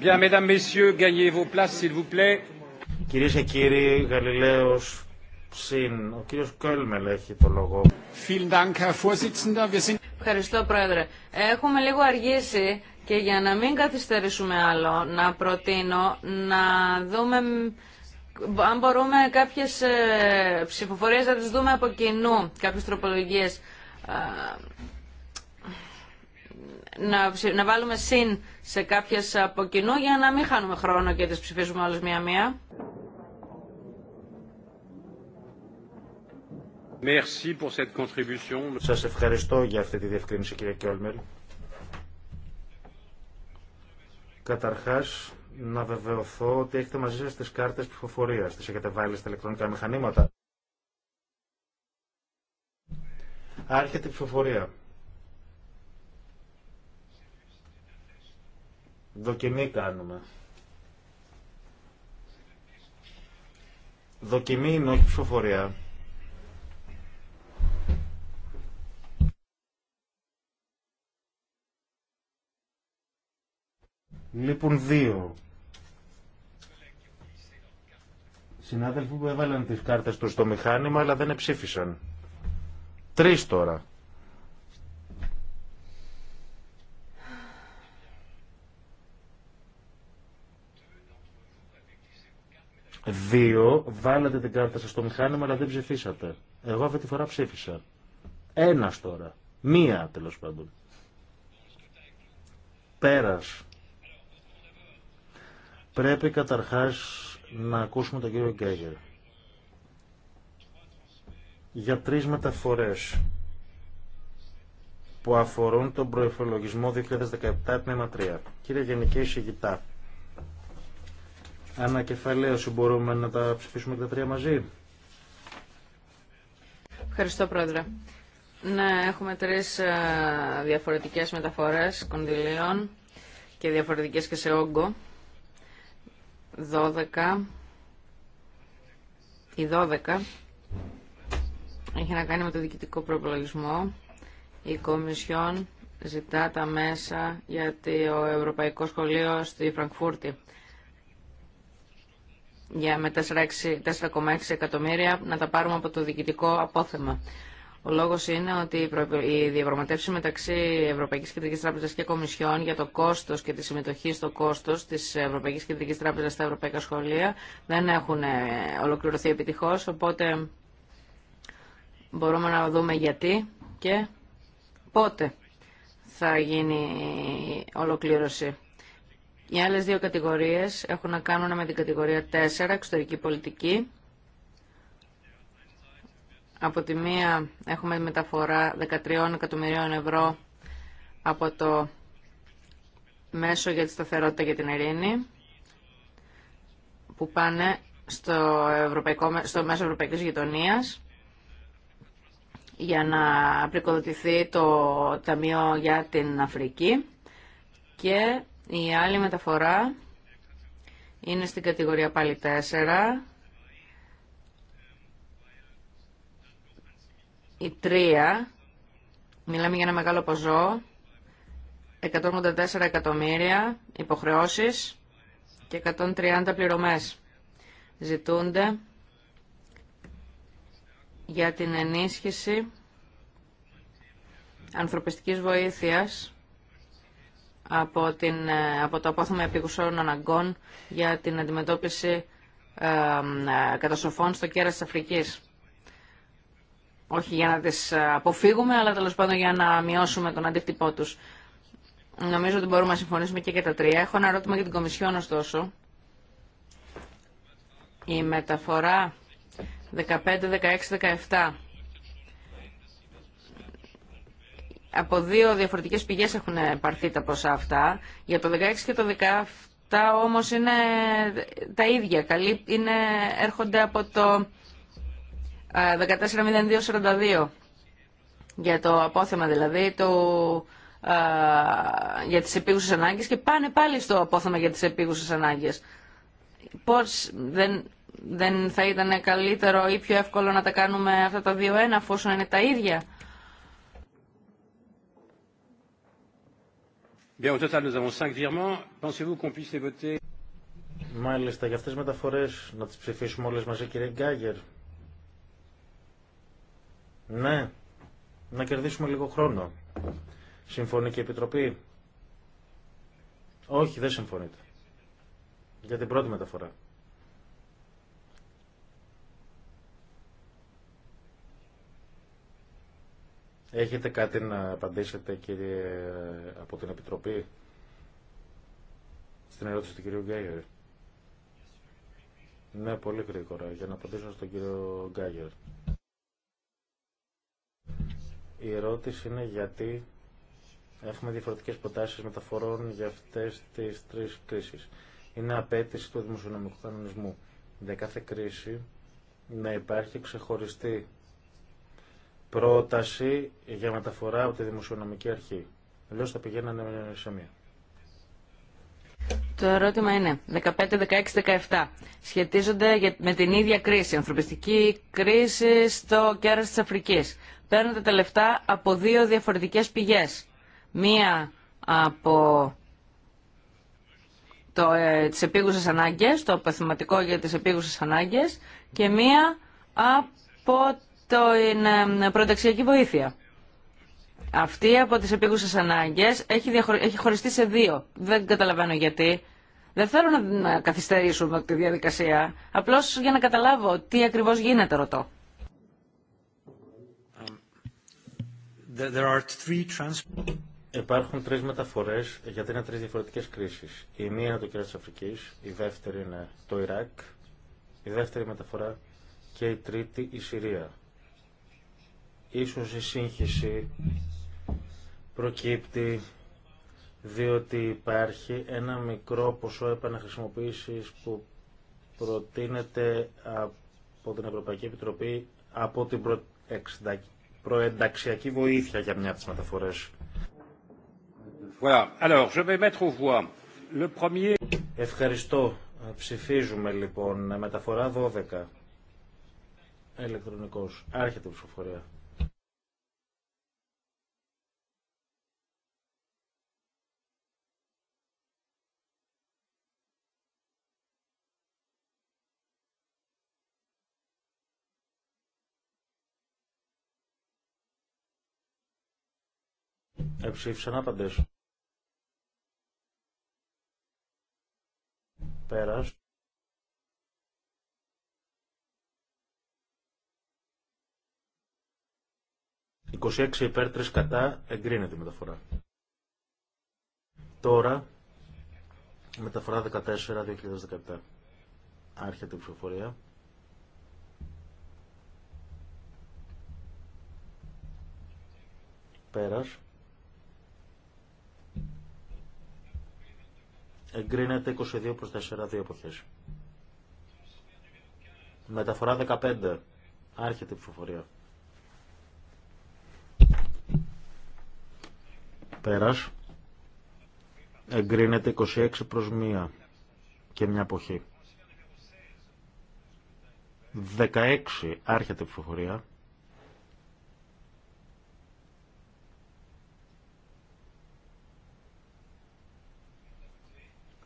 Bien, mesdames, messieurs, gagnez vos places, s'il vous plaît. Κυρίες και κύριοι, Γαλιλαίος Ψιν, ο κύριος Κέλμελ έχει το λόγο. Ευχαριστώ, Πρόεδρε. Έχουμε λίγο αργήσει και για να μην καθυστερήσουμε άλλο, να προτείνω να δούμε αν μπορούμε κάποιες ε, ψηφοφορίες να τις δούμε από κοινού, κάποιες τροπολογίες να, βάλουμε συν σε κάποιες από κοινού για να μην χάνουμε χρόνο και τις ψηφίζουμε όλες μία-μία. Σας ευχαριστώ για αυτή τη διευκρίνηση κύριε Κιόλμερ. Καταρχάς, να βεβαιωθώ ότι έχετε μαζί σας τις κάρτες ψηφοφορίας. Τις έχετε βάλει στα ηλεκτρονικά μηχανήματα. Άρχεται η ψηφοφορία. Δοκιμή κάνουμε. Δοκιμή είναι όχι ψηφοφορία. Λείπουν δύο. Συνάδελφοι που έβαλαν τις κάρτες τους στο μηχάνημα αλλά δεν ψηφίσαν Τρεις τώρα. Δύο, βάλατε την κάρτα σας στο μηχάνημα αλλά δεν ψηφίσατε. Εγώ αυτή τη φορά ψήφισα. ένα τώρα. Μία τέλος πάντων. Πέρας. Πρέπει καταρχάς να ακούσουμε τον κύριο Γκέγερ. Για τρεις μεταφορές που αφορούν τον προυφολογισμο 2017 τμήμα 3. Κύριε Γενική Συγητά, ανακεφαλαίωση μπορούμε να τα ψηφίσουμε και τα τρία μαζί. Ευχαριστώ Πρόεδρε. Ναι, έχουμε τρεις διαφορετικές μεταφορές κονδυλίων και διαφορετικές και σε όγκο. 12. Η 12 έχει να κάνει με το διοικητικό προπολογισμό. Η Κομισιόν ζητά τα μέσα γιατί ο Ευρωπαϊκό Σχολείο στη Φραγκφούρτη για με 4,6 εκατομμύρια να τα πάρουμε από το διοικητικό απόθεμα. Ο λόγο είναι ότι η διαπραγματεύσει μεταξύ Ευρωπαϊκή Κεντρική Τράπεζα και Κομισιόν για το κόστο και τη συμμετοχή στο κόστο τη Ευρωπαϊκή Κεντρική Τράπεζα στα ευρωπαϊκά σχολεία δεν έχουν ε, ολοκληρωθεί επιτυχώ, οπότε μπορούμε να δούμε γιατί και πότε θα γίνει η ολοκλήρωση. Οι άλλες δύο κατηγορίες έχουν να κάνουν με την κατηγορία 4, εξωτερική πολιτική. Από τη μία έχουμε μεταφορά 13 εκατομμυρίων ευρώ από το μέσο για τη σταθερότητα και την ειρήνη που πάνε στο, Ευρωπαϊκό, στο μέσο Ευρωπαϊκής Γειτονίας για να πρικοδοτηθεί το Ταμείο για την Αφρική και η άλλη μεταφορά είναι στην κατηγορία πάλι 4. Η 3, μιλάμε για ένα μεγάλο ποζό, 184 εκατομμύρια υποχρεώσεις και 130 πληρωμές ζητούνται για την ενίσχυση ανθρωπιστικής βοήθειας από, την, ε, από το απόθεμα επίγουσών αναγκών για την αντιμετώπιση ε, ε, καταστροφών στο κέρας της Αφρικής. Όχι για να τις αποφύγουμε, αλλά τέλο πάντων για να μειώσουμε τον αντίκτυπό τους. Νομίζω ότι μπορούμε να συμφωνήσουμε και για τα τρία. Έχω ένα ερώτημα για την Κομισιόν, ωστόσο. Η μεταφορά 15, 16, 17 από δύο διαφορετικές πηγές έχουν πάρθει τα ποσά αυτά. Για το 16 και το 17 όμως είναι τα ίδια. Καλή, είναι, έρχονται από το 14.02.42 για το απόθεμα δηλαδή το, α, για τις επίγουσες ανάγκες και πάνε πάλι στο απόθεμα για τις επίγουσες ανάγκες. Πώς δεν, δεν θα ήταν καλύτερο ή πιο εύκολο να τα κάνουμε αυτά τα δύο ένα αφού είναι τα ίδια. Μάλιστα, για αυτές τις μεταφορές να τις ψηφίσουμε όλες μαζί, κύριε Γκάγερ. Ναι, να κερδίσουμε λίγο χρόνο. Συμφωνεί και η Επιτροπή. Όχι, δεν συμφωνείτε. Για την πρώτη μεταφορά. Έχετε κάτι να απαντήσετε κύριε από την Επιτροπή στην ερώτηση του κυρίου Γκάγερ. Ναι, πολύ γρήγορα για να απαντήσω στον κύριο Γκάγερ. Η ερώτηση είναι γιατί έχουμε διαφορετικές προτάσεις μεταφορών για αυτές τις τρεις κρίσεις. Είναι απέτηση του δημοσιονομικού κανονισμού. Για κάθε κρίση να υπάρχει ξεχωριστή πρόταση για μεταφορά από τη Δημοσιονομική Αρχή. Λέω θα πηγαίνανε σε μία. Το ερώτημα είναι 15, 16, 17. Σχετίζονται με την ίδια κρίση, ανθρωπιστική κρίση στο κέρας της Αφρικής. Παίρνετε τα λεφτά από δύο διαφορετικές πηγές. Μία από το, ε, τις επίγουσες ανάγκες, το αποθεματικό για τις επίγουσες ανάγκες και μία από το είναι προταξιακή βοήθεια. Αυτή από τις επίγουσες ανάγκες έχει, έχει χωριστεί σε δύο. Δεν καταλαβαίνω γιατί. Δεν θέλω να καθυστερήσουμε τη διαδικασία. Απλώς για να καταλάβω τι ακριβώς γίνεται ρωτώ. Um, Υπάρχουν τρεις μεταφορές γιατί είναι τρεις διαφορετικές κρίσεις. Η μία είναι το κέρα της Αφρικής, η δεύτερη είναι το Ιράκ, η δεύτερη μεταφορά και η τρίτη η Συρία. Ίσως η σύγχυση προκύπτει διότι υπάρχει ένα μικρό ποσό επαναχρησιμοποίησης που προτείνεται από την Ευρωπαϊκή Επιτροπή από την προενταξιακή βοήθεια για μια από τις μεταφορές. Ευχαριστώ. Ψηφίζουμε λοιπόν μεταφορά 12. Ελεκτρονικός. Άρχεται η ψηφοφορία. Εψήφισαν άπαντες. Πέρας. «26 υπέρ 3 κατά εγκρίνεται η μεταφορά». Τώρα, μεταφορά 14-2017. Άρχεται η ψηφοφορία. Πέρας. Εγκρίνεται 22 προς 4, δύο εποχές. Μεταφορά 15. Άρχεται η ψηφοφορία. Πέρας. Εγκρίνεται 26 προς 1 και μια εποχή. 16. Άρχεται η ψηφοφορία.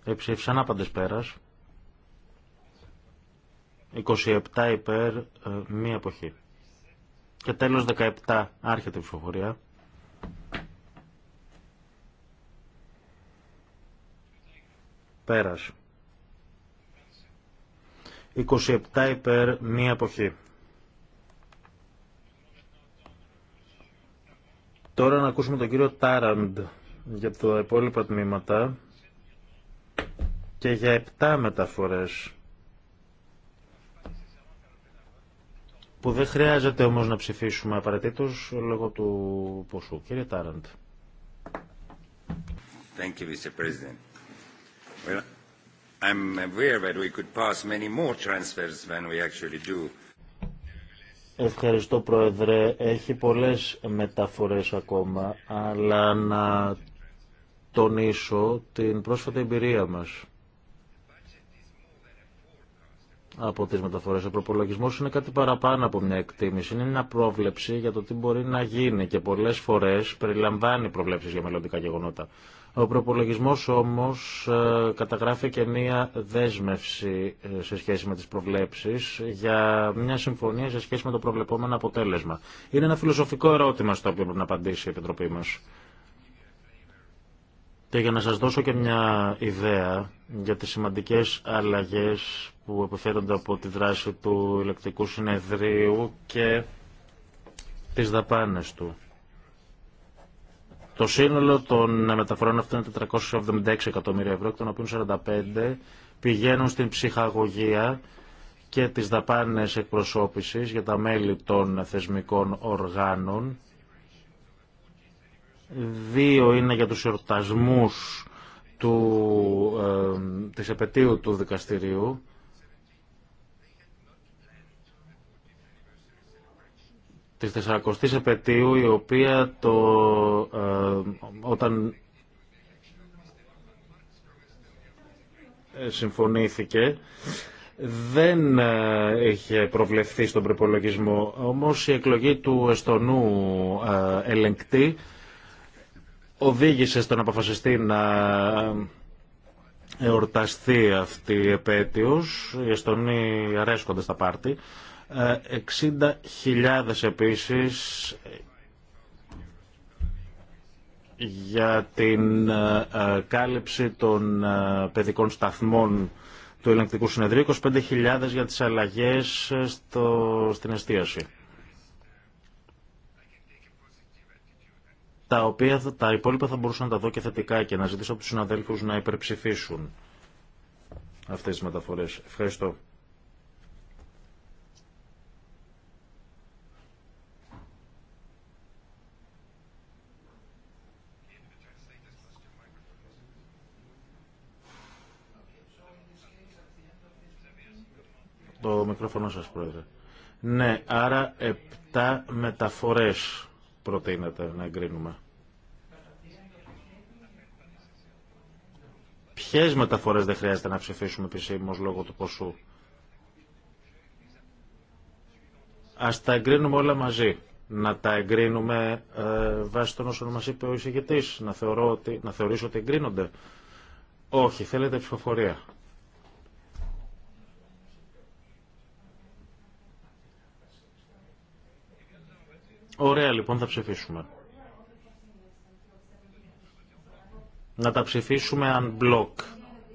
Εψήφισαν άπαντες πέρας. 27 υπέρ, ε, μία εποχή. Και τέλος 17 άρχεται η ψηφοφορία. Πέρας. 27 υπέρ, μία εποχή. Τώρα να ακούσουμε τον κύριο Τάραντ για τα υπόλοιπα τμήματα και για επτά μεταφορές που δεν χρειάζεται όμως να ψηφίσουμε απαραίτητος λόγω του ποσού. Κύριε Τάραντ. Ευχαριστώ Πρόεδρε. Έχει πολλές μεταφορές ακόμα, αλλά να τονίσω την πρόσφατη εμπειρία μας από τις μεταφορές. Ο προπολογισμό είναι κάτι παραπάνω από μια εκτίμηση. Είναι μια πρόβλεψη για το τι μπορεί να γίνει και πολλές φορές περιλαμβάνει προβλέψεις για μελλοντικά γεγονότα. Ο προπολογισμό όμως ε, καταγράφει και μια δέσμευση ε, σε σχέση με τις προβλέψεις για μια συμφωνία σε σχέση με το προβλεπόμενο αποτέλεσμα. Είναι ένα φιλοσοφικό ερώτημα στο οποίο πρέπει να απαντήσει η Επιτροπή μας. Και για να σας δώσω και μια ιδέα για τις σημαντικές αλλαγές που επιφέρονται από τη δράση του ηλεκτρικού συνεδρίου και τις δαπάνες του. Το σύνολο των μεταφορών αυτών είναι 476 εκατομμύρια ευρώ, εκ των οποίων 45 πηγαίνουν στην ψυχαγωγία και τις δαπάνες εκπροσώπησης για τα μέλη των θεσμικών οργάνων Δύο είναι για τους εορτασμούς του, ε, της επαιτίου του δικαστηρίου. Της 40ης επαιτίου η οποία το, ε, όταν συμφωνήθηκε δεν ε, είχε προβλεφθεί στον προπολογισμό. Όμως η εκλογή του Εστονού ε, ελεγκτή οδήγησε στον αποφασιστή να ε, εορταστεί αυτή η επέτειος. Οι Εστονοί αρέσκονται στα πάρτι. 60.000 ε, επίσης για την ε, κάλυψη των παιδικών σταθμών του ελεγκτικού συνεδρίου, 25.000 για τις αλλαγές στο, στην εστίαση. τα οποία τα υπόλοιπα θα μπορούσα να τα δω και θετικά και να ζητήσω από τους συναδέλφους να υπερψηφίσουν αυτές τις μεταφορές. Ευχαριστώ. Το μικρόφωνο σας, Πρόεδρε. Ναι, άρα επτά μεταφορές προτείνεται να εγκρίνουμε. Ποιε μεταφορέ δεν χρειάζεται να ψηφίσουμε επισήμω λόγω του ποσού. Α τα εγκρίνουμε όλα μαζί. Να τα εγκρίνουμε ε, βάσει των όσων μα είπε ο εισηγητή. Να, θεωρώ ότι, να θεωρήσω ότι εγκρίνονται. Όχι, θέλετε ψηφοφορία. Ωραία λοιπόν θα ψηφίσουμε. Να τα ψηφίσουμε αν μπλοκ.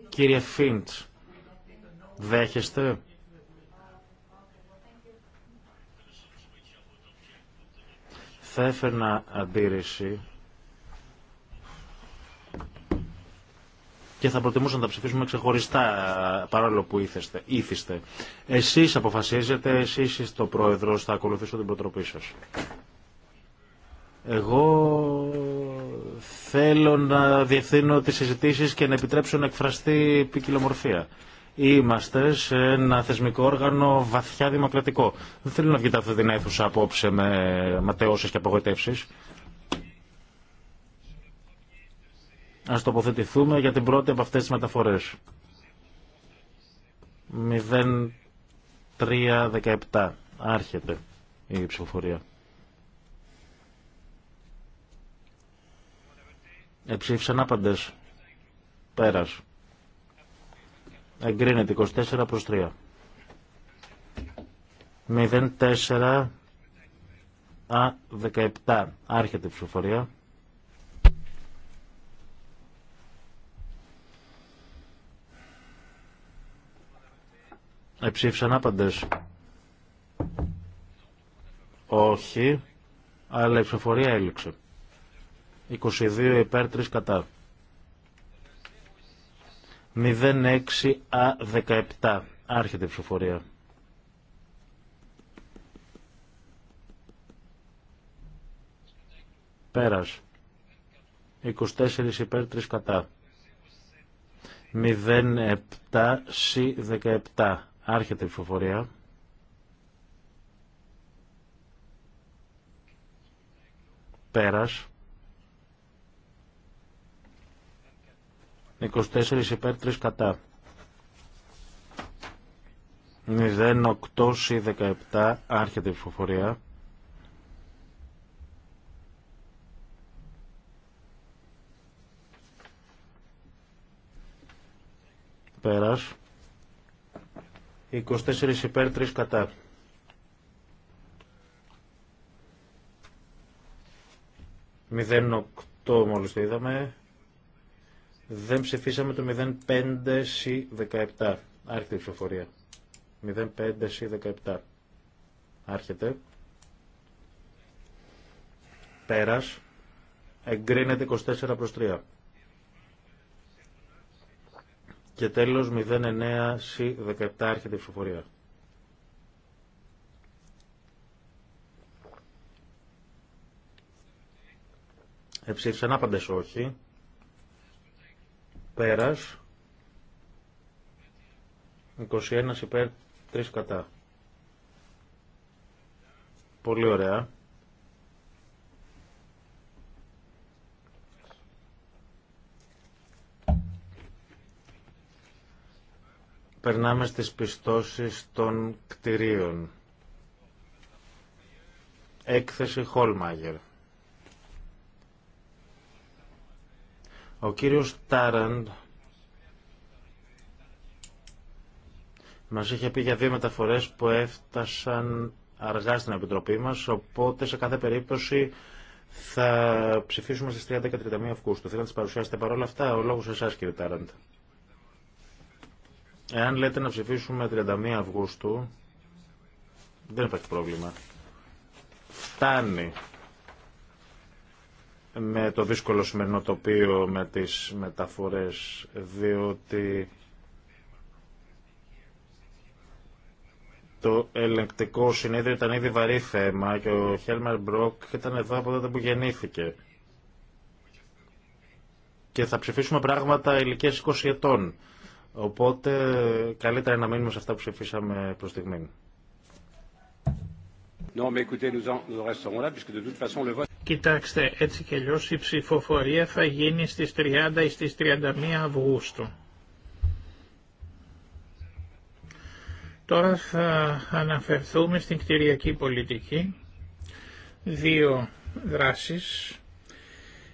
Κύριε Φίντ, δέχεστε. Θα έφερνα αντίρρηση και θα προτιμούσα να τα ψηφίσουμε ξεχωριστά παρόλο που ήθεστε, ήθιστε. Εσείς αποφασίζετε, εσείς είστε ο πρόεδρος, θα ακολουθήσω την προτροπή σας. Εγώ θέλω να διευθύνω τις συζητήσεις και να επιτρέψω να εκφραστεί ποικιλομορφία. Είμαστε σε ένα θεσμικό όργανο βαθιά δημοκρατικό. Δεν θέλω να βγείτε αυτή την αίθουσα απόψε με ματαιώσεις και απογοητεύσεις. Ας τοποθετηθούμε για την πρώτη από αυτές τις μεταφορές. 0317 άρχεται η ψηφοφορία. Εψήφισαν άπαντες. Πέρας. Εγκρίνεται 24 προς 3. 04 Α, 17. Άρχεται η ψηφοφορία. Εψήφισαν άπαντες. Όχι, αλλά η ψηφοφορία έληξε. 22 υπέρ 3 κατά. α 17 Άρχεται η ψηφοφορία. Πέρας. 24 υπέρ 3 κατά. 07C17. Άρχεται η ψηφοφορία. Πέρας. 24 υπέρ 3 κατά. 08 17 άρχεται η ψηφοφορία. Πέρας. 24 υπέρ 3 κατά. 08 μόλις το είδαμε. Δεν ψηφίσαμε το 05C17. Άρχεται η ψηφοφορία. 05C17. Άρχεται. Πέρας. Εγκρίνεται 24 προς 3. Και τέλος 09C17 άρχεται η ψηφοφορία. Εψήφισαν άπαντες όχι. Πέρας. 21 υπέρ 3 κατά. Πολύ ωραία. Περνάμε στις πιστώσεις των κτηρίων. Έκθεση Χόλμαγερ. Ο κύριος Τάραντ μας είχε πει για δύο μεταφορές που έφτασαν αργά στην Επιτροπή μας, οπότε σε κάθε περίπτωση θα ψηφίσουμε στις 30 και 31 Αυγούστου. Θέλω να τις παρουσιάσετε παρόλα αυτά, ο λόγος εσάς κύριε Τάραντ. Εάν λέτε να ψηφίσουμε 31 Αυγούστου, δεν υπάρχει πρόβλημα. Φτάνει με το δύσκολο σημερινό τοπίο με τις μεταφορές, διότι το ελεγκτικό συνέδριο ήταν ήδη βαρύ θέμα και ο Χέλμερ Μπρόκ ήταν εδώ από τότε που γεννήθηκε. Και θα ψηφίσουμε πράγματα ηλικίας 20 ετών. Οπότε καλύτερα να μείνουμε σε αυτά που ψηφίσαμε προς στιγμή. Non, nous, nous resterons là, puisque de toute façon, le Κοιτάξτε, έτσι και αλλιώς η ψηφοφορία θα γίνει στις 30 ή στις 31 Αυγούστου. Τώρα θα αναφερθούμε στην κτηριακή πολιτική. Δύο δράσεις.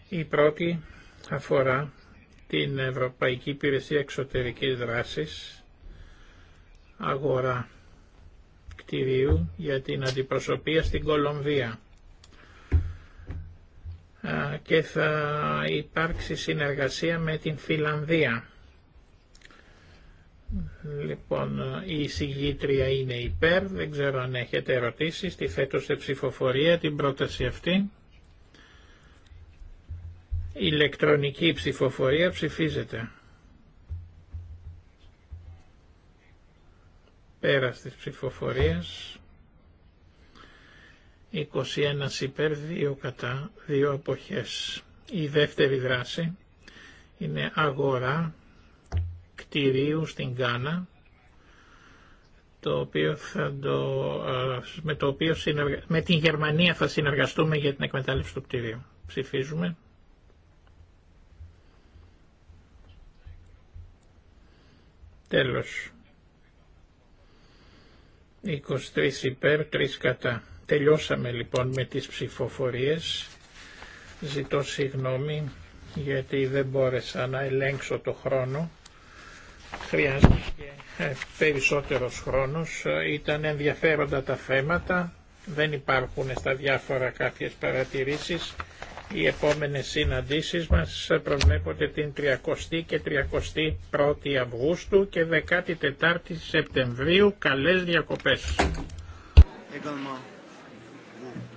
Η πρώτη αφορά την Ευρωπαϊκή Υπηρεσία Εξωτερικής Δράσης, αγορά κτηρίου για την αντιπροσωπεία στην Κολομβία και θα υπάρξει συνεργασία με την Φιλανδία. Λοιπόν, η συγγήτρια είναι υπέρ, δεν ξέρω αν έχετε ερωτήσεις, τη θέτω σε ψηφοφορία την πρόταση αυτή. Ηλεκτρονική ψηφοφορία ψηφίζεται. πέρα της ψηφοφορίας. 21 υπέρ, 2 κατά, 2 εποχές. Η δεύτερη δράση είναι αγορά κτηρίου στην Κάνα, με, με την Γερμανία θα συνεργαστούμε για την εκμετάλλευση του κτηρίου. Ψηφίζουμε. Τέλος. 23 υπέρ, 3 κατά. Τελειώσαμε λοιπόν με τις ψηφοφορίες. Ζητώ συγγνώμη γιατί δεν μπόρεσα να ελέγξω το χρόνο. Χρειάστηκε ε, περισσότερος χρόνος. Ήταν ενδιαφέροντα τα θέματα. Δεν υπάρχουν στα διάφορα κάποιες παρατηρήσεις. Οι επόμενες συναντήσεις μας προβλέπονται την 30η και 31η Αυγούστου και 14η Σεπτεμβρίου. Καλές διακοπές. Υπότιτλοι AUTHORWAVE